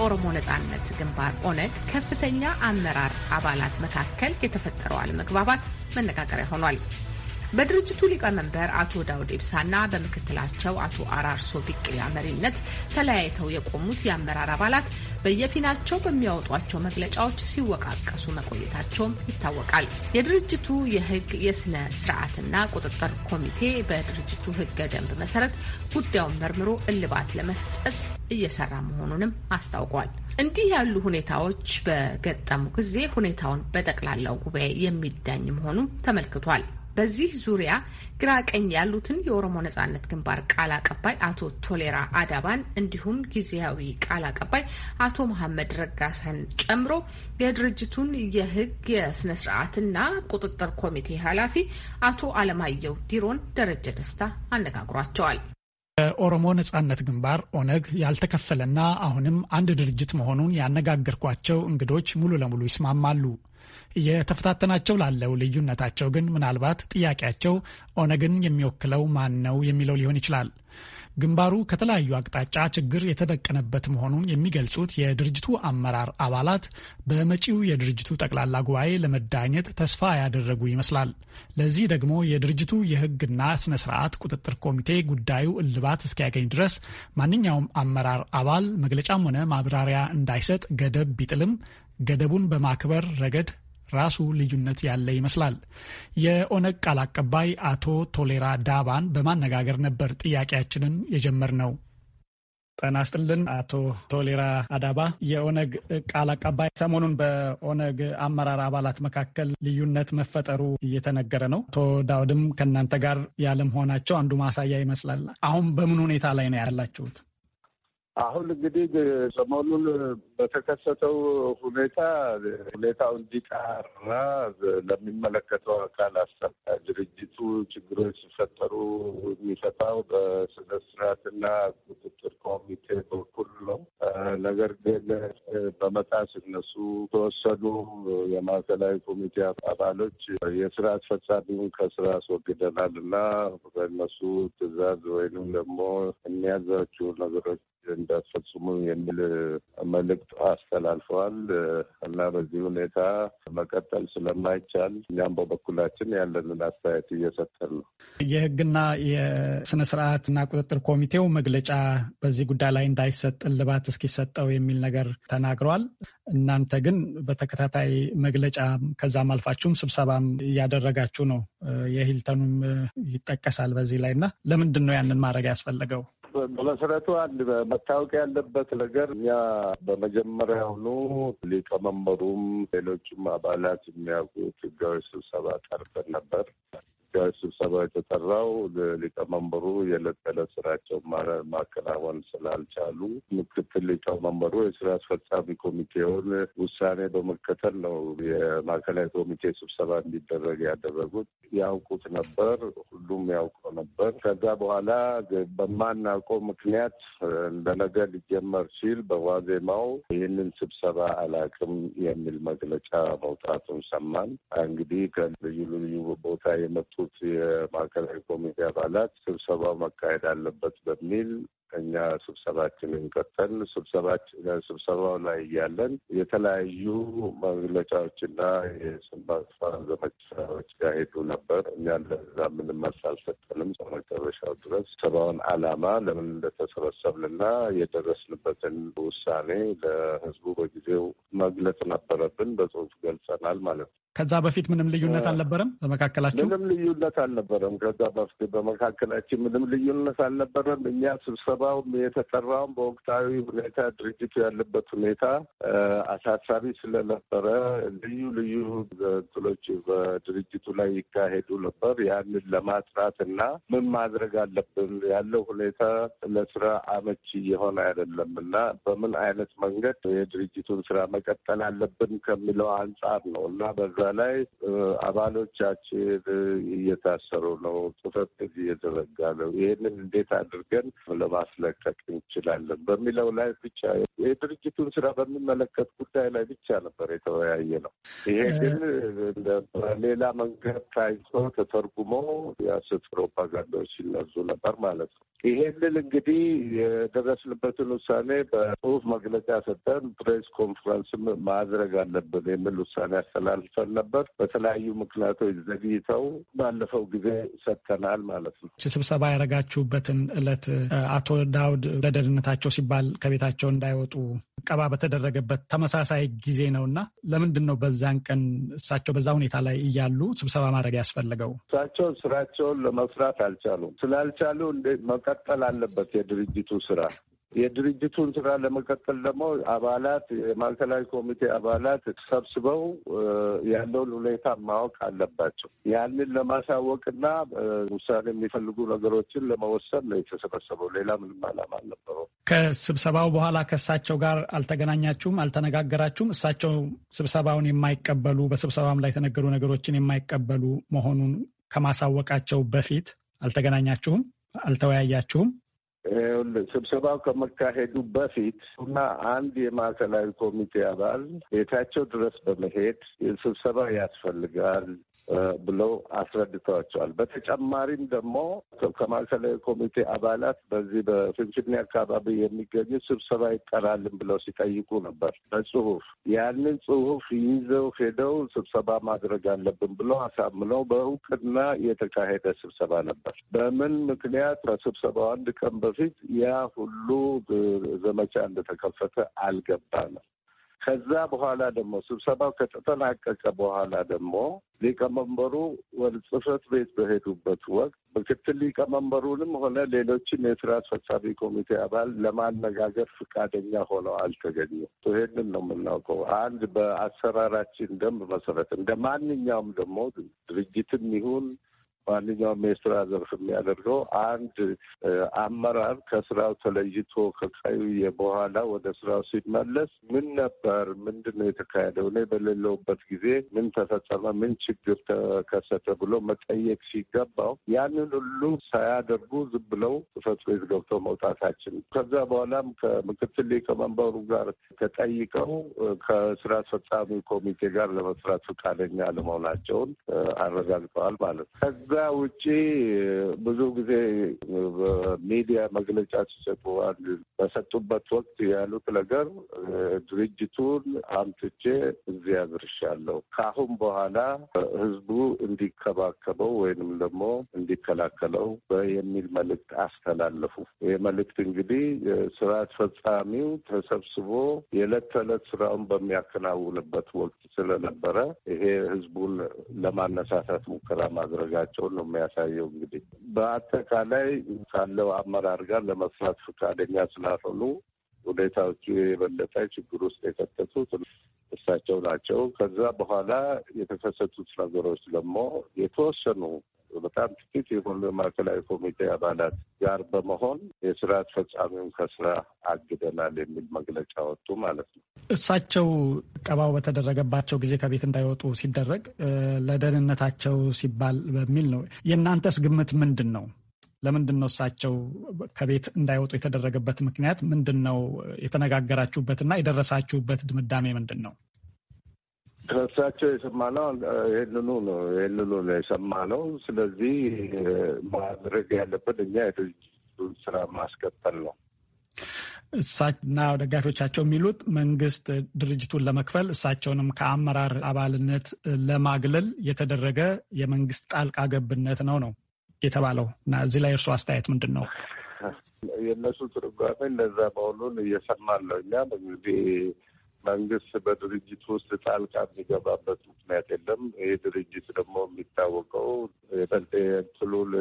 የኦሮሞ ነጻነት ግንባር ኦነግ ከፍተኛ አመራር አባላት መካከል የተፈጠረው አለመግባባት መነጋገሪያ ሆኗል። በድርጅቱ ሊቀመንበር አቶ ዳውድ ኢብሳና በምክትላቸው አቶ አራርሶ ቢቅያ መሪነት ተለያይተው የቆሙት የአመራር አባላት በየፊናቸው በሚያወጧቸው መግለጫዎች ሲወቃቀሱ መቆየታቸውም ይታወቃል። የድርጅቱ የህግ የስነ ስርዓትና ቁጥጥር ኮሚቴ በድርጅቱ ህገ ደንብ መሰረት ጉዳዩን መርምሮ እልባት ለመስጠት እየሰራ መሆኑንም አስታውቋል። እንዲህ ያሉ ሁኔታዎች በገጠሙ ጊዜ ሁኔታውን በጠቅላላው ጉባኤ የሚዳኝ መሆኑም ተመልክቷል። በዚህ ዙሪያ ግራ ቀኝ ያሉትን የኦሮሞ ነጻነት ግንባር ቃል አቀባይ አቶ ቶሌራ አዳባን እንዲሁም ጊዜያዊ ቃል አቀባይ አቶ መሐመድ ረጋሰን ጨምሮ የድርጅቱን የህግ የስነ ስርዓትና ቁጥጥር ኮሚቴ ኃላፊ አቶ አለማየሁ ዲሮን ደረጀ ደስታ አነጋግሯቸዋል። የኦሮሞ ነጻነት ግንባር ኦነግ ያልተከፈለና አሁንም አንድ ድርጅት መሆኑን ያነጋገርኳቸው እንግዶች ሙሉ ለሙሉ ይስማማሉ። እየተፈታተናቸው ላለው ልዩነታቸው ግን ምናልባት ጥያቄያቸው ኦነግን የሚወክለው ማን ነው የሚለው ሊሆን ይችላል። ግንባሩ ከተለያዩ አቅጣጫ ችግር የተደቀነበት መሆኑን የሚገልጹት የድርጅቱ አመራር አባላት በመጪው የድርጅቱ ጠቅላላ ጉባኤ ለመዳኘት ተስፋ ያደረጉ ይመስላል። ለዚህ ደግሞ የድርጅቱ የሕግና ስነ ስርዓት ቁጥጥር ኮሚቴ ጉዳዩ እልባት እስኪያገኝ ድረስ ማንኛውም አመራር አባል መግለጫም ሆነ ማብራሪያ እንዳይሰጥ ገደብ ቢጥልም ገደቡን በማክበር ረገድ ራሱ ልዩነት ያለ ይመስላል። የኦነግ ቃል አቀባይ አቶ ቶሌራ ዳባን በማነጋገር ነበር ጥያቄያችንን የጀመርነው። ጤና ይስጥልን አቶ ቶሌራ አዳባ፣ የኦነግ ቃል አቀባይ። ሰሞኑን በኦነግ አመራር አባላት መካከል ልዩነት መፈጠሩ እየተነገረ ነው። አቶ ዳውድም ከእናንተ ጋር ያለመሆናቸው አንዱ ማሳያ ይመስላል። አሁን በምን ሁኔታ ላይ ነው ያላችሁት? አሁን እንግዲህ ሰሞኑን በተከሰተው ሁኔታ ሁኔታው እንዲጣራ ለሚመለከተው አካል አሰራ ድርጅቱ ችግሮች ሲፈጠሩ የሚፈታው በስነ ስርዓትና ቁጥጥር ኮሚቴ በኩል ነው። ነገር ግን በመጣ ሲነሱ ተወሰዱ የማዕከላዊ ኮሚቴ አባሎች የስራ አስፈጻሚውን ከስራ አስወግደናል እና በእነሱ ትዕዛዝ ወይንም ደግሞ የሚያዛቸው ነገሮች እንዳስፈጽሙ የሚል መልእክት አስተላልፈዋል እና በዚህ ሁኔታ መቀጠል ስለማይቻል እኛም በበኩላችን ያለንን አስተያየት እየሰጠን ነው። የህግና የስነ ስርዓትና ቁጥጥር ኮሚቴው መግለጫ በዚህ ጉዳይ ላይ እንዳይሰጥ እልባት እስኪሰጠው የሚል ነገር ተናግረዋል። እናንተ ግን በተከታታይ መግለጫ ከዛም አልፋችሁም ስብሰባም እያደረጋችሁ ነው። የሂልተኑም ይጠቀሳል በዚህ ላይ እና ለምንድን ነው ያንን ማድረግ ያስፈለገው? በመሰረቱ አንድ መታወቅ ያለበት ነገር እኛ በመጀመሪያውኑ ሊቀመንበሩም ሌሎችም አባላት የሚያውቁት ህጋዊ ስብሰባ ጠርተን ነበር። ስብሰባ የተጠራው ሊቀመንበሩ የዕለት ተዕለት ስራቸው ማከናወን ስላልቻሉ ምክትል ሊቀመንበሩ የስራ አስፈጻሚ ኮሚቴውን ውሳኔ በመከተል ነው የማዕከላዊ ኮሚቴ ስብሰባ እንዲደረግ ያደረጉት። ያውቁት ነበር፣ ሁሉም ያውቀው ነበር። ከዛ በኋላ በማናውቀው ምክንያት እንደነገ ሊጀመር ሲል በዋዜማው ይህንን ስብሰባ አላቅም የሚል መግለጫ መውጣቱን ሰማን። እንግዲህ ከልዩ ልዩ ቦታ የመጡ የተመረጡት የማዕከላዊ ኮሚቴ አባላት ስብሰባው መካሄድ አለበት በሚል ከኛ ስብሰባችንን ቀጠል ስብሰባችን ስብሰባው ላይ እያለን የተለያዩ መግለጫዎችና የስንባስፋ ማጥፋት ዘመቻዎች ያሄዱ ነበር። እኛ ለዛ ምንም አልሰጠንም። መጨረሻው ድረስ ስብሰባውን ዓላማ ለምን እንደተሰበሰብንና የደረስንበትን ውሳኔ ለህዝቡ በጊዜው መግለጽ ነበረብን። በጽሁፍ ገልጸናል ማለት ነው። ከዛ በፊት ምንም ልዩነት አልነበረም። በመካከላችን ምንም ልዩነት አልነበረም። ከዛ በፊት በመካከላችን ምንም ልዩነት አልነበረም። እኛ ስብሰ ስብሰባውም የተጠራውም በወቅታዊ ሁኔታ ድርጅቱ ያለበት ሁኔታ አሳሳቢ ስለነበረ ልዩ ልዩ እንትኖች በድርጅቱ ላይ ይካሄዱ ነበር። ያንን ለማጥራት እና ምን ማድረግ አለብን ያለው ሁኔታ ለስራ አመቺ የሆነ አይደለም እና በምን አይነት መንገድ የድርጅቱን ስራ መቀጠል አለብን ከሚለው አንጻር ነው እና በዛ ላይ አባሎቻችን እየታሰሩ ነው፣ ጽህፈት ቤት እየተዘጋ ነው። ይህንን እንዴት አድርገን ለማ ማስለቀቅ እንችላለን በሚለው ላይ ብቻ የድርጅቱን ስራ በሚመለከት ጉዳይ ላይ ብቻ ነበር የተወያየ ነው። ይሄ ግን በሌላ መንገድ ታይቶ ተተርጉሞ የሐሰት ፕሮፓጋንዳዎች ሲነዙ ነበር ማለት ነው። ይሄንን እንግዲህ የደረስንበትን ውሳኔ በጽሁፍ መግለጫ ሰጠን፣ ፕሬስ ኮንፈረንስም ማድረግ አለብን የሚል ውሳኔ አስተላልፈን ነበር። በተለያዩ ምክንያቶች ዘግይተው ባለፈው ጊዜ ሰጥተናል ማለት ነው። ስብሰባ ያደረጋችሁበትን እለት አቶ ዳውድ ለደህንነታቸው ሲባል ከቤታቸው እንዳይወጡ ቀባ በተደረገበት ተመሳሳይ ጊዜ ነው እና ለምንድን ነው በዛን ቀን እሳቸው በዛ ሁኔታ ላይ እያሉ ስብሰባ ማድረግ ያስፈለገው? እሳቸው ስራቸውን ለመስራት አልቻሉም። ስላልቻሉ መቀጠል አለበት የድርጅቱ ስራ። የድርጅቱን ስራ ለመቀጠል ደግሞ አባላት የማዕከላዊ ኮሚቴ አባላት ሰብስበው ያለውን ሁኔታ ማወቅ አለባቸው። ያንን ለማሳወቅና ውሳኔ የሚፈልጉ ነገሮችን ለመወሰን ነው የተሰበሰበው። ሌላ ምንም ዓላማ አልነበረው። ከስብሰባው በኋላ ከእሳቸው ጋር አልተገናኛችሁም? አልተነጋገራችሁም? እሳቸው ስብሰባውን የማይቀበሉ በስብሰባም ላይ የተነገሩ ነገሮችን የማይቀበሉ መሆኑን ከማሳወቃቸው በፊት አልተገናኛችሁም? አልተወያያችሁም? ስብሰባው ከመካሄዱ በፊት እና አንድ የማዕከላዊ ኮሚቴ አባል ቤታቸው ድረስ በመሄድ ስብሰባ ያስፈልጋል ብለው አስረድተዋቸዋል። በተጨማሪም ደግሞ ከማዕከላዊ ኮሚቴ አባላት በዚህ በፊንፊኔ አካባቢ የሚገኙ ስብሰባ ይጠራልን ብለው ሲጠይቁ ነበር በጽሁፍ ያንን ጽሁፍ ይዘው ሄደው ስብሰባ ማድረግ አለብን ብለው አሳምነው በእውቅና የተካሄደ ስብሰባ ነበር። በምን ምክንያት ከስብሰባው አንድ ቀን በፊት ያ ሁሉ ዘመቻ እንደተከፈተ ነው። ከዛ በኋላ ደግሞ ስብሰባው ከተጠናቀቀ በኋላ ደግሞ ሊቀመንበሩ ወደ ጽህፈት ቤት በሄዱበት ወቅት ምክትል ሊቀመንበሩንም ሆነ ሌሎችን የስራ አስፈጻሚ ኮሚቴ አባል ለማነጋገር ፍቃደኛ ሆነው አልተገኙም። ይሄንን ነው የምናውቀው። አንድ በአሰራራችን ደንብ መሰረት እንደ ማንኛውም ደግሞ ድርጅትም ይሁን ማንኛውም የስራ ዘርፍ የሚያደርገው አንድ አመራር ከስራው ተለይቶ ከቀዩ በኋላ ወደ ስራው ሲመለስ ምን ነበር፣ ምንድን ነው የተካሄደው፣ እኔ በሌለውበት ጊዜ ምን ተፈጸመ፣ ምን ችግር ተከሰተ ብሎ መጠየቅ ሲገባው ያንን ሁሉ ሳያደርጉ ዝም ብለው ጽሕፈት ቤት ገብተው መውጣታችን ከዛ በኋላም ከምክትል ሊቀመንበሩ ጋር ተጠይቀው ከስራ አስፈጻሚ ኮሚቴ ጋር ለመስራት ፈቃደኛ አለመሆናቸውን አረጋግጠዋል ማለት ነው። ውጪ ብዙ ጊዜ በሚዲያ መግለጫ ሲሰጡ በሰጡበት ወቅት ያሉት ነገር ድርጅቱን አምትቼ እዚህ አድርሻለሁ፣ ከአሁን በኋላ ህዝቡ እንዲከባከበው ወይንም ደግሞ እንዲከላከለው የሚል መልእክት አስተላለፉ። ይህ መልእክት እንግዲህ ስራ አስፈጻሚው ተሰብስቦ የዕለት ተዕለት ስራውን በሚያከናውንበት ወቅት ስለነበረ ይሄ ህዝቡን ለማነሳሳት ሙከራ ማድረጋቸው መሆናቸውን ነው የሚያሳየው። እንግዲህ በአጠቃላይ ካለው አመራር ጋር ለመስራት ፈቃደኛ ስላልሆኑ ሁኔታዎቹ የበለጠ ችግር ውስጥ የከተቱት እሳቸው ናቸው። ከዛ በኋላ የተከሰቱት ነገሮች ደግሞ የተወሰኑ በጣም ጥቂት የሆኑ ማዕከላዊ ኮሚቴ አባላት ጋር በመሆን የስራ አስፈጻሚውን ከስራ አግደናል የሚል መግለጫ ወጡ ማለት ነው። እሳቸው ቀባው በተደረገባቸው ጊዜ ከቤት እንዳይወጡ ሲደረግ ለደህንነታቸው ሲባል በሚል ነው። የእናንተስ ግምት ምንድን ነው? ለምንድን ነው እሳቸው ከቤት እንዳይወጡ የተደረገበት ምክንያት ምንድን ነው? የተነጋገራችሁበትና የደረሳችሁበት ድምዳሜ ምንድን ነው? ስለሳቸው የሰማነው ይህንኑ ነው ይህንኑ ነው የሰማነው። ስለዚህ ማድረግ ያለብን እኛ የድርጅቱን ስራ ማስቀጠል ነው። እሳና ደጋፊዎቻቸው የሚሉት መንግስት ድርጅቱን ለመክፈል እሳቸውንም ከአመራር አባልነት ለማግለል የተደረገ የመንግስት ጣልቃ ገብነት ነው ነው የተባለው እና እዚህ ላይ እርሱ አስተያየት ምንድን ነው? የእነሱ ትርጓሜ እነዛ መሆኑን እየሰማን ነው። እኛም እንግዲህ መንግስት በድርጅት ውስጥ ጣልቃ የሚገባበት ምክንያት የለም። ይህ ድርጅት ደግሞ የሚታወቀው የጠንቴትሉል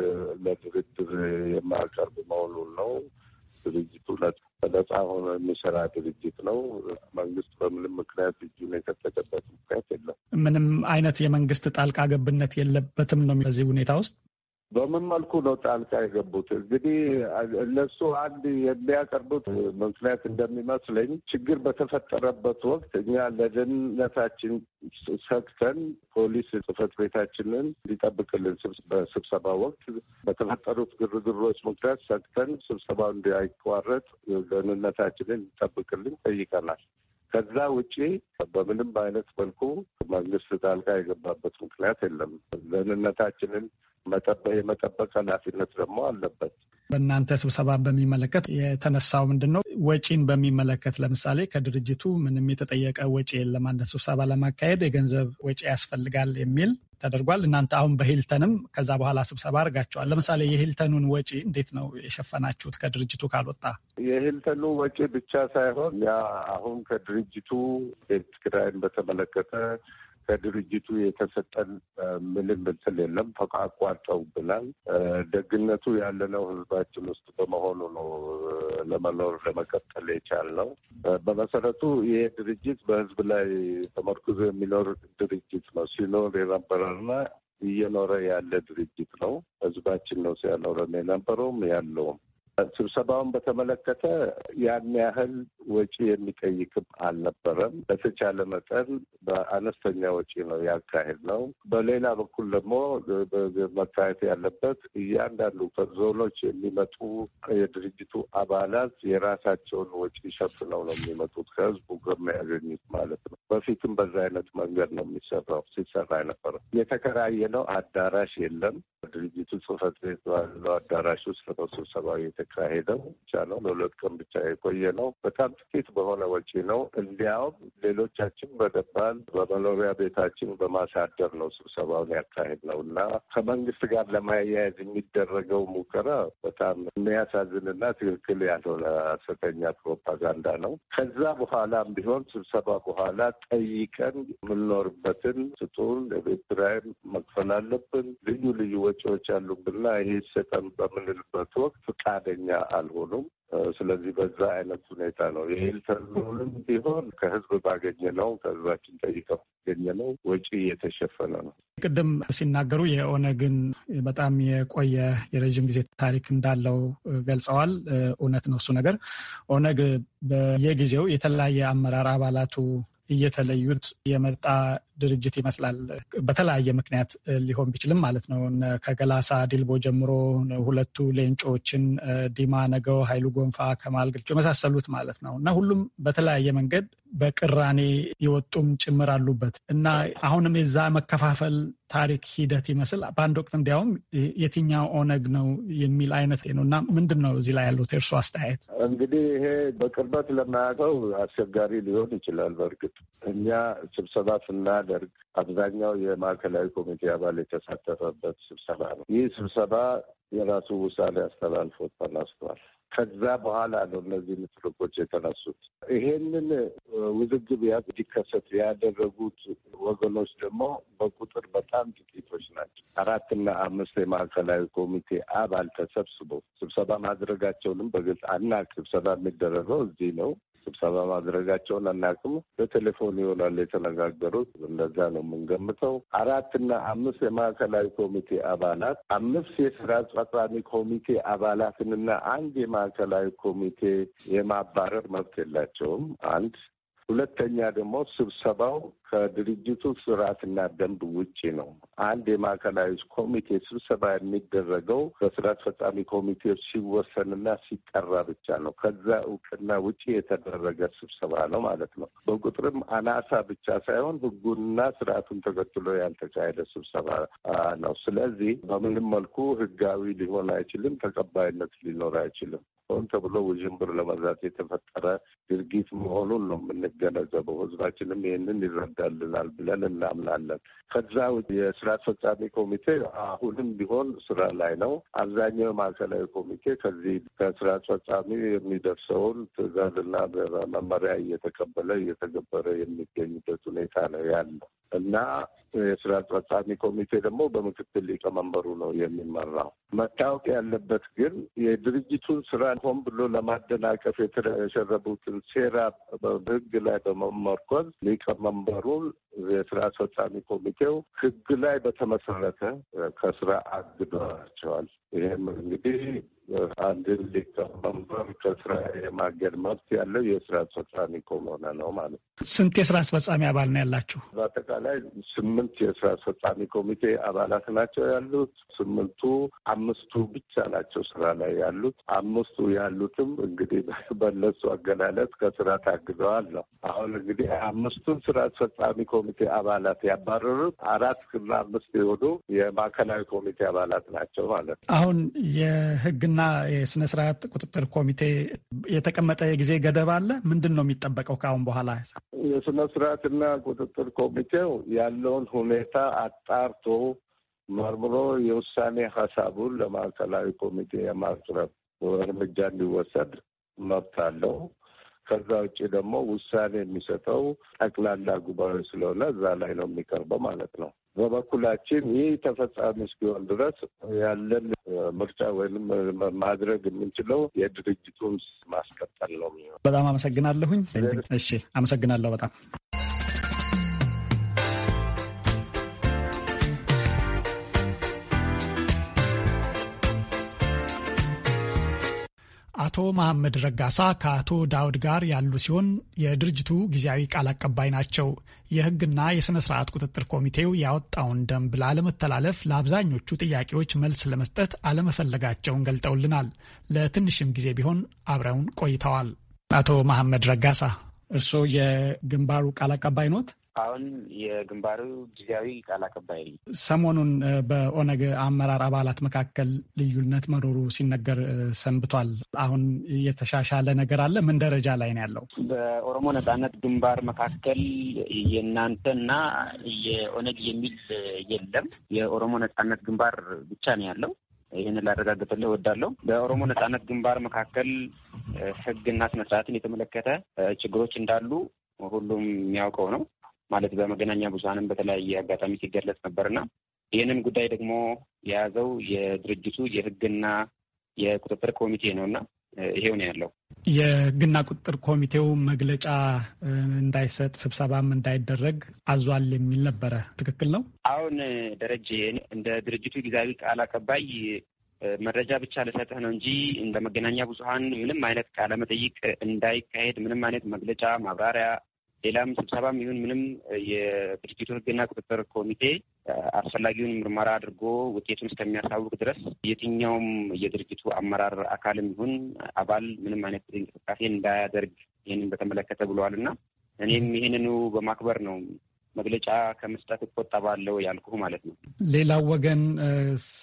ለድርድር የማቀርብ መሆኑን ነው። ድርጅቱ ነጻ ሆኖ የሚሰራ ድርጅት ነው። መንግስት በምንም ምክንያት እጁን የከተተበት ምክንያት የለም። ምንም አይነት የመንግስት ጣልቃ ገብነት የለበትም ነው በዚህ ሁኔታ ውስጥ በምን መልኩ ነው ጣልቃ የገቡት? እንግዲህ እነሱ አንድ የሚያቀርቡት ምክንያት እንደሚመስለኝ ችግር በተፈጠረበት ወቅት እኛ ለደህንነታችን ሰግተን ፖሊስ ጽፈት ቤታችንን እንዲጠብቅልን በስብሰባ ወቅት በተፈጠሩት ግርግሮች ምክንያት ሰግተን ስብሰባ እንዳይቋረጥ ደህንነታችንን እንዲጠብቅልን ጠይቀናል። ከዛ ውጪ በምንም አይነት መልኩ መንግስት ጣልቃ የገባበት ምክንያት የለም። ደህንነታችንን የመጠበቅ ኃላፊነት ደግሞ አለበት። በእናንተ ስብሰባ በሚመለከት የተነሳው ምንድን ነው? ወጪን በሚመለከት ለምሳሌ ከድርጅቱ ምንም የተጠየቀ ወጪ የለም። አንድ ስብሰባ ለማካሄድ የገንዘብ ወጪ ያስፈልጋል የሚል ተደርጓል። እናንተ አሁን በሂልተንም ከዛ በኋላ ስብሰባ አድርጋቸዋል። ለምሳሌ የሂልተኑን ወጪ እንዴት ነው የሸፈናችሁት? ከድርጅቱ ካልወጣ የሂልተኑ ወጪ ብቻ ሳይሆን ያ አሁን ከድርጅቱ ቤት ኪራይን በተመለከተ ከድርጅቱ የተሰጠን ምንም ምትል የለም። ተቋቋጠውብናል። ደግነቱ ያለነው ህዝባችን ውስጥ በመሆኑ ነው ለመኖር ለመቀጠል የቻልነው። በመሰረቱ ይሄ ድርጅት በህዝብ ላይ ተመርኩዞ የሚኖር ድርጅት ነው። ሲኖር የነበረና እየኖረ ያለ ድርጅት ነው። ህዝባችን ነው ሲያኖረን የነበረውም ያለውም ስብሰባውን በተመለከተ ያን ያህል ወጪ የሚጠይቅም አልነበረም። በተቻለ መጠን በአነስተኛ ወጪ ነው ያካሄድ ነው። በሌላ በኩል ደግሞ መታየት ያለበት እያንዳንዱ ዞኖች የሚመጡ የድርጅቱ አባላት የራሳቸውን ወጪ ሸፍነው ነው የሚመጡት ከህዝቡ ከሚያገኙት ማለት ነው። በፊትም በዛ አይነት መንገድ ነው የሚሰራው ሲሰራ ነበረ። የተከራየ ነው አዳራሽ የለም። ድርጅቱ ጽህፈት ቤት ባለው አዳራሽ ውስጥ ነው ስብሰባ የተካሄደው ብቻ ነው። ለሁለት ቀን ብቻ የቆየ ነው። በጣም ጥቂት በሆነ ወጪ ነው። እንዲያውም ሌሎቻችን በደባል በመኖሪያ ቤታችን በማሳደር ነው ስብሰባውን ያካሄድ ነው እና ከመንግስት ጋር ለማያያዝ የሚደረገው ሙከራ በጣም የሚያሳዝንና ትክክል ያልሆነ ሐሰተኛ ፕሮፓጋንዳ ነው። ከዛ በኋላም ቢሆን ስብሰባ በኋላ ጠይቀን የምንኖርበትን ስጡን፣ የቤት ኪራይም መክፈል አለብን፣ ልዩ ልዩ ወጪዎች አሉብንና ይሄ ሰጠን በምንልበት ወቅት ፈቃደኛ ፈቃደኛ አልሆኑም። ስለዚህ በዛ አይነት ሁኔታ ነው የሂልተን ቢሆን ከህዝብ ባገኘ ነው ከህዝባችን ጠይቀው ያገኘ ነው ወጪ የተሸፈነ ነው። ቅድም ሲናገሩ የኦነግን በጣም የቆየ የረዥም ጊዜ ታሪክ እንዳለው ገልጸዋል። እውነት ነው እሱ ነገር። ኦነግ በየጊዜው የተለያየ አመራር አባላቱ እየተለዩት የመጣ ድርጅት ይመስላል። በተለያየ ምክንያት ሊሆን ቢችልም ማለት ነው። ከገላሳ ዲልቦ ጀምሮ ሁለቱ ሌንጮችን፣ ዲማ ነገው፣ ሀይሉ ጎንፋ፣ ከማል ግልጮ የመሳሰሉት ማለት ነው እና ሁሉም በተለያየ መንገድ በቅራኔ የወጡም ጭምር አሉበት እና አሁንም የዛ መከፋፈል ታሪክ ሂደት ይመስል በአንድ ወቅት እንዲያውም የትኛው ኦነግ ነው የሚል አይነት ነው እና ምንድን ነው እዚህ ላይ ያሉት እርሱ አስተያየት? እንግዲህ ይሄ በቅርበት ለማያውቀው አስቸጋሪ ሊሆን ይችላል። በእርግጥ እኛ ስብሰባ ስና የሚያደርግ አብዛኛው የማዕከላዊ ኮሚቴ አባል የተሳተፈበት ስብሰባ ነው። ይህ ስብሰባ የራሱ ውሳኔ አስተላልፎ ተነስቷል። ከዛ በኋላ ነው እነዚህ ምትርኮች የተነሱት። ይሄንን ውዝግብ እንዲከሰት ያደረጉት ወገኖች ደግሞ በቁጥር በጣም ጥቂቶች ናቸው። አራትና አምስት የማዕከላዊ ኮሚቴ አባል ተሰብስቦ ስብሰባ ማድረጋቸውንም በግልጽ አናውቅ። ስብሰባ የሚደረገው እዚህ ነው። ስብሰባ ማድረጋቸውን አናውቅም። በቴሌፎን ይሆናል የተነጋገሩት፣ እንደዛ ነው የምንገምተው። አራትና አምስት የማዕከላዊ ኮሚቴ አባላት አምስት የስራ አስፈጻሚ ኮሚቴ አባላትንና አንድ የማዕከላዊ ኮሚቴ የማባረር መብት የላቸውም። አንድ ሁለተኛ ደግሞ ስብሰባው ከድርጅቱ ስርዓትና ደንብ ውጪ ነው። አንድ የማዕከላዊ ኮሚቴ ስብሰባ የሚደረገው በስራ አስፈጻሚ ኮሚቴዎች ሲወሰንና ሲጠራ ብቻ ነው። ከዛ እውቅና ውጪ የተደረገ ስብሰባ ነው ማለት ነው። በቁጥርም አናሳ ብቻ ሳይሆን ህጉንና ስርዓቱን ተከትሎ ያልተካሄደ ስብሰባ ነው። ስለዚህ በምንም መልኩ ህጋዊ ሊሆን አይችልም፣ ተቀባይነት ሊኖር አይችልም። ሆን ተብሎ ውዥንብር ለመዛት የተፈጠረ ድርጊት መሆኑን ነው የምንገነዘበው። ህዝባችንም ይህንን ይረዳልናል ብለን እናምናለን። ከዛ የስራ አስፈጻሚ ኮሚቴ አሁንም ቢሆን ስራ ላይ ነው። አብዛኛው የማዕከላዊ ኮሚቴ ከዚህ ከስራ አስፈጻሚ የሚደርሰውን ትዕዛዝና መመሪያ እየተቀበለ እየተገበረ የሚገኝበት ሁኔታ ነው ያለው። እና የስራ አስፈጻሚ ኮሚቴ ደግሞ በምክትል ሊቀመንበሩ ነው የሚመራው። መታወቅ ያለበት ግን የድርጅቱን ስራ ሆን ብሎ ለማደናቀፍ የተሸረቡትን ሴራ በህግ ላይ በመመርኮዝ ሊቀመንበሩን የስራ አስፈጻሚ ኮሚቴው ህግ ላይ በተመሰረተ ከስራ አግዷቸዋል። ይህም እንግዲህ አንድን ሊቀመንበር ከስራ የማገድ መብት ያለው የስራ አስፈጻሚ ከሆነ ነው ማለት ነው። ስንት የስራ አስፈጻሚ አባል ነው ያላችሁ? በአጠቃላይ ስምንት የስራ አስፈጻሚ ኮሚቴ አባላት ናቸው ያሉት። ስምንቱ አምስቱ ብቻ ናቸው ስራ ላይ ያሉት። አምስቱ ያሉትም እንግዲህ በነሱ አገላለጽ ከስራ ታግደዋል ነው። አሁን እንግዲህ አምስቱን ስራ አስፈጻሚ ኮሚቴ አባላት ያባረሩት አራት እና አምስት የሆኑ የማዕከላዊ ኮሚቴ አባላት ናቸው ማለት ነው። አሁን የህግና የስነ ስርዓት ቁጥጥር ኮሚቴ የተቀመጠ የጊዜ ገደብ አለ። ምንድን ነው የሚጠበቀው ከአሁን በኋላ? የስነ ስርዓትና ቁጥጥር ኮሚቴው ያለውን ሁኔታ አጣርቶ መርምሮ የውሳኔ ሀሳቡን ለማዕከላዊ ኮሚቴ የማቅረብ እርምጃ እንዲወሰድ መብት አለው። ከዛ ውጭ ደግሞ ውሳኔ የሚሰጠው ጠቅላላ ጉባኤ ስለሆነ እዛ ላይ ነው የሚቀርበው ማለት ነው። በበኩላችን ይህ ተፈጻሚ እስኪሆን ድረስ ያለን ምርጫ ወይም ማድረግ የምንችለው የድርጅቱን ማስቀጠል ነው በጣም አመሰግናለሁኝ። እሺ፣ አመሰግናለሁ በጣም አቶ መሐመድ ረጋሳ ከአቶ ዳውድ ጋር ያሉ ሲሆን የድርጅቱ ጊዜያዊ ቃል አቀባይ ናቸው። የሕግና የሥነ ስርዓት ቁጥጥር ኮሚቴው ያወጣውን ደንብ ላለመተላለፍ ለአብዛኞቹ ጥያቄዎች መልስ ለመስጠት አለመፈለጋቸውን ገልጠውልናል። ለትንሽም ጊዜ ቢሆን አብረውን ቆይተዋል። አቶ መሐመድ ረጋሳ እርስዎ የግንባሩ ቃል አቀባይ ኖት? አሁን የግንባሩ ጊዜያዊ ቃል አቀባይ ሰሞኑን በኦነግ አመራር አባላት መካከል ልዩነት መኖሩ ሲነገር ሰንብቷል። አሁን የተሻሻለ ነገር አለ? ምን ደረጃ ላይ ነው ያለው? በኦሮሞ ነጻነት ግንባር መካከል የእናንተና የኦነግ የሚል የለም። የኦሮሞ ነጻነት ግንባር ብቻ ነው ያለው። ይህንን ላረጋግጥልህ እወዳለሁ። በኦሮሞ ነጻነት ግንባር መካከል ህግና ስነስርዓትን የተመለከተ ችግሮች እንዳሉ ሁሉም የሚያውቀው ነው። ማለት በመገናኛ ብዙሀንም በተለያየ አጋጣሚ ሲገለጽ ነበርና ይህንን ጉዳይ ደግሞ የያዘው የድርጅቱ የህግና የቁጥጥር ኮሚቴ እና ይሄው ነው ያለው። የህግና ቁጥጥር ኮሚቴው መግለጫ እንዳይሰጥ ስብሰባም እንዳይደረግ አዟል የሚል ነበረ። ትክክል ነው። አሁን ደረጀ፣ እንደ ድርጅቱ ጊዜያዊ ቃል አቀባይ መረጃ ብቻ ልሰጥህ ነው እንጂ እንደ መገናኛ ብዙሀን ምንም አይነት ቃለ መጠይቅ እንዳይካሄድ ምንም አይነት መግለጫ፣ ማብራሪያ ሌላም ስብሰባም ይሁን ምንም የድርጅቱ ሕግና ቁጥጥር ኮሚቴ አስፈላጊውን ምርመራ አድርጎ ውጤቱን እስከሚያሳውቅ ድረስ የትኛውም የድርጅቱ አመራር አካልም ይሁን አባል ምንም አይነት እንቅስቃሴ እንዳያደርግ ይህንን በተመለከተ ብለዋል እና እኔም ይህንኑ በማክበር ነው መግለጫ ከመስጠት እቆጠባለሁ ያልኩ ማለት ነው። ሌላው ወገን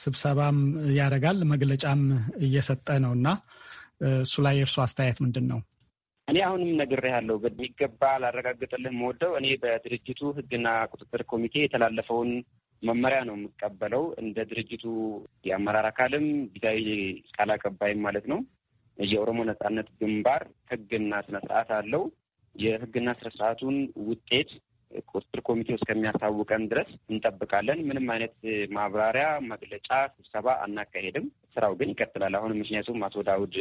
ስብሰባም ያደርጋል መግለጫም እየሰጠ ነው እና እሱ ላይ የእርሱ አስተያየት ምንድን ነው? እኔ አሁንም ያለው በሚገባ ላረጋግጥልህ መወደው እኔ በድርጅቱ ህግና ቁጥጥር ኮሚቴ የተላለፈውን መመሪያ ነው የምቀበለው። እንደ ድርጅቱ የአመራር አካልም ጊዜያዊ ቃል አቀባይም ማለት ነው። የኦሮሞ ነጻነት ግንባር ስነ ስነስርዓት አለው። ስነ ስነስርዓቱን ውጤት ቁጥጥር ኮሚቴው እስከሚያሳውቀን ድረስ እንጠብቃለን። ምንም አይነት ማብራሪያ፣ መግለጫ፣ ስብሰባ አናካሄድም። ስራው ግን ይቀጥላል። አሁን ምክንያቱም አቶ ዳውድ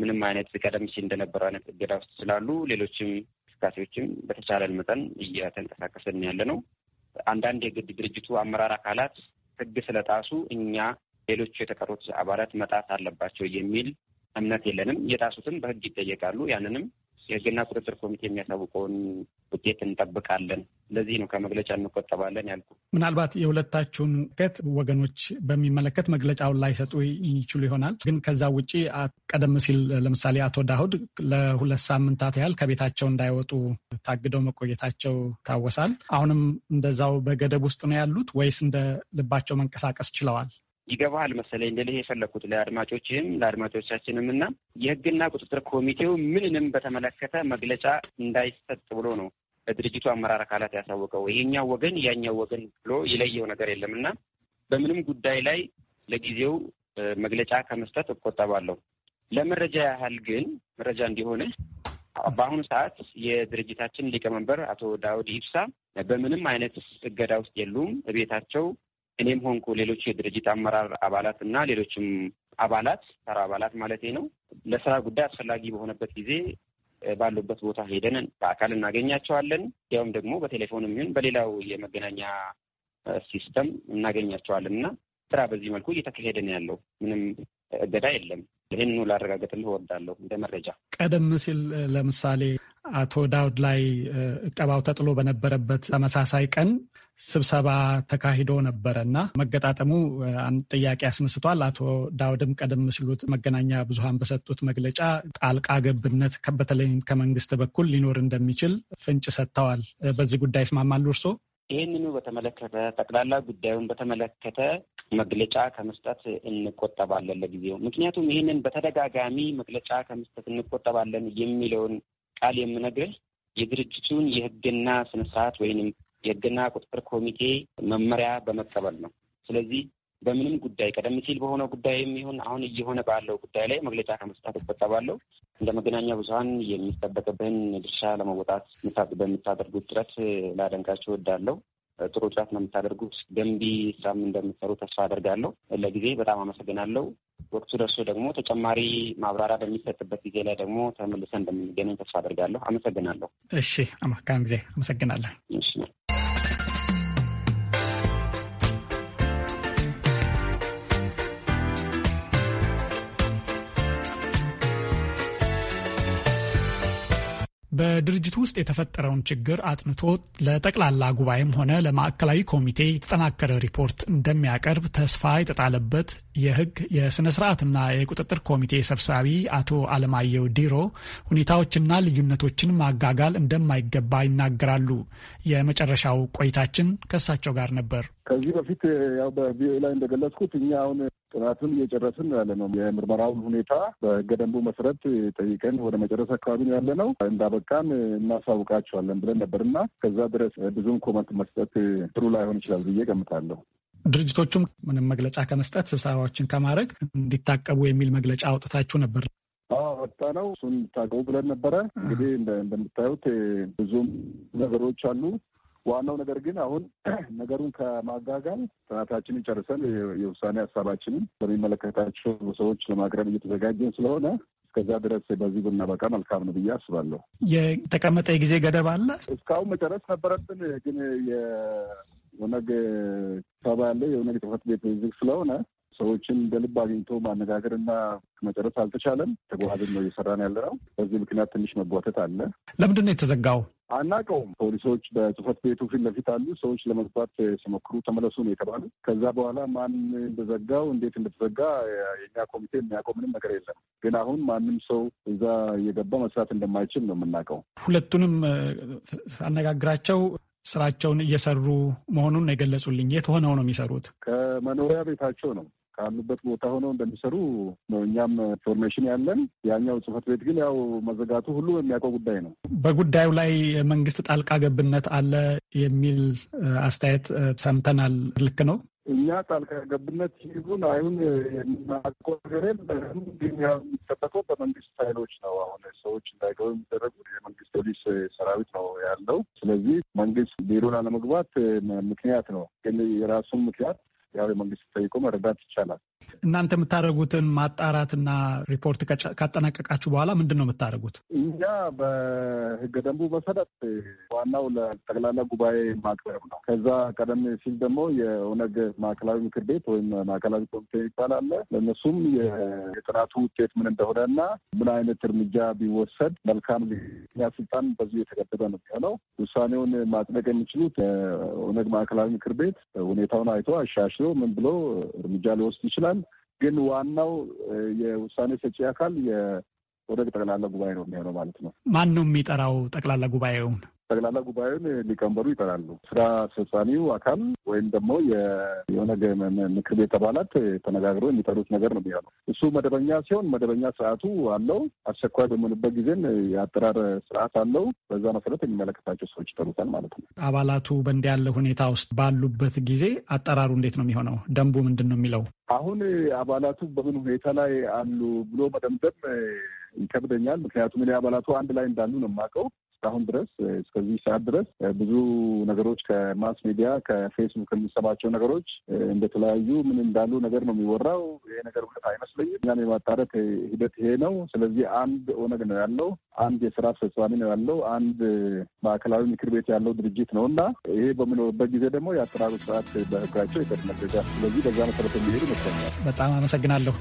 ምንም አይነት ቀደም ሲል እንደነበረው አይነት እገዳ ውስጥ ስላሉ ሌሎችም እንቅስቃሴዎችም በተቻለን መጠን እየተንቀሳቀስን ያለ ነው። አንዳንድ የግድ ድርጅቱ አመራር አካላት ህግ ስለጣሱ እኛ ሌሎቹ የተቀሩት አባላት መጣት አለባቸው የሚል እምነት የለንም። የጣሱትም በህግ ይጠየቃሉ። ያንንም የህግና ቁጥጥር ኮሚቴ የሚያሳውቀውን ውጤት እንጠብቃለን። ለዚህ ነው ከመግለጫ እንቆጠባለን ያልኩ። ምናልባት የሁለታችሁን ቀት ወገኖች በሚመለከት መግለጫውን ላይሰጡ ይችሉ ይሆናል። ግን ከዛ ውጭ ቀደም ሲል ለምሳሌ አቶ ዳሁድ ለሁለት ሳምንታት ያህል ከቤታቸው እንዳይወጡ ታግደው መቆየታቸው ይታወሳል። አሁንም እንደዛው በገደብ ውስጥ ነው ያሉት ወይስ እንደ ልባቸው መንቀሳቀስ ችለዋል? ይገባል መሰለኝ እንድልህ የፈለግኩት ለአድማጮችህም ለአድማጮቻችንም እና የህግና ቁጥጥር ኮሚቴው ምንንም በተመለከተ መግለጫ እንዳይሰጥ ብሎ ነው በድርጅቱ አመራር አካላት ያሳወቀው። ይሄኛው ወገን ያኛው ወገን ብሎ የለየው ነገር የለም እና በምንም ጉዳይ ላይ ለጊዜው መግለጫ ከመስጠት እቆጠባለሁ። ለመረጃ ያህል ግን መረጃ እንዲሆነ በአሁኑ ሰዓት የድርጅታችን ሊቀመንበር አቶ ዳውድ ኢብሳ በምንም አይነት እገዳ ውስጥ የሉም። እቤታቸው እኔም ሆንኩ ሌሎች የድርጅት አመራር አባላት እና ሌሎችም አባላት ተራ አባላት ማለት ነው ለስራ ጉዳይ አስፈላጊ በሆነበት ጊዜ ባሉበት ቦታ ሄደን በአካል እናገኛቸዋለን። ያውም ደግሞ በቴሌፎን ይሁን በሌላው የመገናኛ ሲስተም እናገኛቸዋለን እና ስራ በዚህ መልኩ እየተካሄደ ነው ያለው። ምንም እገዳ የለም። ይህንኑ ላረጋገጥልህ እወዳለሁ እንደ መረጃ። ቀደም ሲል ለምሳሌ አቶ ዳውድ ላይ እቀባው ተጥሎ በነበረበት ተመሳሳይ ቀን ስብሰባ ተካሂዶ ነበረ እና መገጣጠሙ ጥያቄ አስነስቷል። አቶ ዳውድም ቀደም ሲሉት መገናኛ ብዙሃን በሰጡት መግለጫ ጣልቃ ገብነት በተለይም ከመንግስት በኩል ሊኖር እንደሚችል ፍንጭ ሰጥተዋል። በዚህ ጉዳይ ይስማማሉ እርስዎ? ይህንኑ በተመለከተ ጠቅላላ ጉዳዩን በተመለከተ መግለጫ ከመስጠት እንቆጠባለን ለጊዜው። ምክንያቱም ይህንን በተደጋጋሚ መግለጫ ከመስጠት እንቆጠባለን የሚለውን ቃል የምነግርህ የድርጅቱን የህግና ስነስርዓት ወይንም የህግና ቁጥጥር ኮሚቴ መመሪያ በመቀበል ነው። ስለዚህ በምንም ጉዳይ ቀደም ሲል በሆነ ጉዳይ የሚሆን አሁን እየሆነ ባለው ጉዳይ ላይ መግለጫ ከመስጠት እቆጠባለሁ። እንደ መገናኛ ብዙሀን የሚጠበቅብህን ድርሻ ለመወጣት በምታደርጉት ጥረት ላደንቃችሁ እወዳለሁ። ጥሩ ጥረት ነው የምታደርጉት። ገንቢ ስራም እንደምትሰሩ ተስፋ አደርጋለሁ። ለጊዜ በጣም አመሰግናለሁ። ወቅቱ ደርሶ ደግሞ ተጨማሪ ማብራሪያ በሚሰጥበት ጊዜ ላይ ደግሞ ተመልሰን እንደምንገናኝ ተስፋ አደርጋለሁ። አመሰግናለሁ። እሺ፣ አማካን ጊዜ አመሰግናለሁ። በድርጅቱ ውስጥ የተፈጠረውን ችግር አጥንቶ ለጠቅላላ ጉባኤም ሆነ ለማዕከላዊ ኮሚቴ የተጠናከረ ሪፖርት እንደሚያቀርብ ተስፋ የተጣለበት የሕግ የስነ ስርዓትና የቁጥጥር ኮሚቴ ሰብሳቢ አቶ አለማየሁ ዲሮ ሁኔታዎችና ልዩነቶችን ማጋጋል እንደማይገባ ይናገራሉ። የመጨረሻው ቆይታችን ከእሳቸው ጋር ነበር። ከዚህ በፊት ያው በቪኦኤ ላይ እንደገለጽኩት እኛ አሁን ጥናቱን እየጨረስን ያለ ነው። የምርመራውን ሁኔታ በህገ ደንቡ መሰረት ጠይቀን ወደ መጨረስ አካባቢ ነው ያለ ነው። እንዳበቃን እናሳውቃቸዋለን ብለን ነበርና ከዛ ድረስ ብዙም ኮመንት መስጠት ጥሩ ላይሆን ይችላል ብዬ ገምታለሁ። ድርጅቶቹም ምንም መግለጫ ከመስጠት ስብሰባዎችን ከማድረግ እንዲታቀቡ የሚል መግለጫ አውጥታችሁ ነበር። ወጣ ነው። እሱን ታገቡ ብለን ነበረ። እንግዲህ እንደምታዩት ብዙም ነገሮች አሉ። ዋናው ነገር ግን አሁን ነገሩን ከማጋጋል ጥናታችንን ጨርሰን የውሳኔ ሀሳባችንን በሚመለከታቸው ሰዎች ለማቅረብ እየተዘጋጀን ስለሆነ እስከዛ ድረስ በዚህ ብናበቃ መልካም ነው ብዬ አስባለሁ። የተቀመጠ የጊዜ ገደብ አለ። እስካሁን መጨረስ ነበረብን ግን የኦነግ ሰባ ያለ የኦነግ ጽሕፈት ቤት ዝግ ስለሆነ ሰዎችን እንደ ልብ አግኝቶ ማነጋገርና መጨረስ አልተቻለም። ተጓዝን ነው እየሰራን ያለ ነው። በዚህ ምክንያት ትንሽ መጓተት አለ። ለምንድን ነው የተዘጋው? አናውቀውም። ፖሊሶች በጽህፈት ቤቱ ፊት ለፊት አሉ። ሰዎች ለመግባት ሲሞክሩ ተመለሱ ነው የተባሉ። ከዛ በኋላ ማን እንደዘጋው እንዴት እንደተዘጋ የኛ ኮሚቴ የሚያውቀው ምንም ነገር የለም። ግን አሁን ማንም ሰው እዛ እየገባ መስራት እንደማይችል ነው የምናውቀው። ሁለቱንም አነጋግራቸው ስራቸውን እየሰሩ መሆኑን የገለጹልኝ። የት ሆነው ነው የሚሰሩት? ከመኖሪያ ቤታቸው ነው ካሉበት ቦታ ሆነው እንደሚሰሩ ነው እኛም ኢንፎርሜሽን ያለን። ያኛው ጽህፈት ቤት ግን ያው መዘጋቱ ሁሉ የሚያውቀው ጉዳይ ነው። በጉዳዩ ላይ የመንግስት ጣልቃ ገብነት አለ የሚል አስተያየት ሰምተናል። ልክ ነው። እኛ ጣልቃ ገብነት ይሁን አይሁን የምናቆ ገሬም ግን የሚጠበቀው በመንግስት ኃይሎች ነው። አሁን ሰዎች እንዳይገቡ የሚደረጉ የመንግስት ፖሊስ ሰራዊት ነው ያለው። ስለዚህ መንግስት ቢሮን አለመግባት ምክንያት ነው፣ ግን የራሱን ምክንያት ያው የመንግስት ጠይቆ መረዳት ይቻላል። እናንተ የምታደርጉትን ማጣራትና ሪፖርት ካጠናቀቃችሁ በኋላ ምንድን ነው የምታደርጉት? እኛ በህገ ደንቡ መሰረት ዋናው ለጠቅላላ ጉባኤ ማቅረብ ነው። ከዛ ቀደም ሲል ደግሞ የኦነግ ማዕከላዊ ምክር ቤት ወይም ማዕከላዊ ኮሚቴ አለ። ለእነሱም የጥናቱ ውጤት ምን እንደሆነ እና ምን አይነት እርምጃ ቢወሰድ መልካም ያ ስልጣን በዚሁ የተገደበ ነው የሚሆነው። ውሳኔውን ማጽደቅ የሚችሉት የኦነግ ማዕከላዊ ምክር ቤት ሁኔታውን አይቶ አሻሽሎ ምን ብሎ እርምጃ ሊወስድ ይችላል። ግን ዋናው የውሳኔ ሰጪ አካል የኦነግ ጠቅላላ ጉባኤ ነው የሚሆነው ማለት ነው። ማን ነው የሚጠራው ጠቅላላ ጉባኤውን? ጠቅላላ ጉባኤውን ሊቀመንበሩ ይጠራሉ። ስራ አስፈጻሚው አካል ወይም ደግሞ የሆነ ምክር ቤት አባላት ተነጋግረው የሚጠሩት ነገር ነው የሚሆነው። እሱ መደበኛ ሲሆን መደበኛ ስርዓቱ አለው። አስቸኳይ በምንበት ጊዜን የአጠራር ስርዓት አለው። በዛ መሰረት የሚመለከታቸው ሰዎች ይጠሩታል ማለት ነው። አባላቱ በእንዲህ ያለ ሁኔታ ውስጥ ባሉበት ጊዜ አጠራሩ እንዴት ነው የሚሆነው? ደንቡ ምንድን ነው የሚለው? አሁን አባላቱ በምን ሁኔታ ላይ አሉ ብሎ መደምደም ይከብደኛል። ምክንያቱም እኔ አባላቱ አንድ ላይ እንዳሉ ነው የማውቀው። እስካሁን ድረስ እስከዚህ ሰዓት ድረስ ብዙ ነገሮች ከማስ ሚዲያ ከፌስቡክ የሚሰማቸው ነገሮች እንደተለያዩ ምን እንዳሉ ነገር ነው የሚወራው። ይሄ ነገር እውነት አይመስለኝም። እኛም የማጣረት ሂደት ይሄ ነው። ስለዚህ አንድ ኦነግ ነው ያለው፣ አንድ የስራ አስፈጻሚ ነው ያለው፣ አንድ ማዕከላዊ ምክር ቤት ያለው ድርጅት ነው እና ይሄ በምኖርበት ጊዜ ደግሞ የአጠራሩ ሰዓት በህጋቸው ይተመገጃል። ስለዚህ በዛ መሰረት የሚሄዱ ይመስለኛል። በጣም አመሰግናለሁ።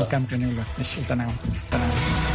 መልካም ቀን ይውላል።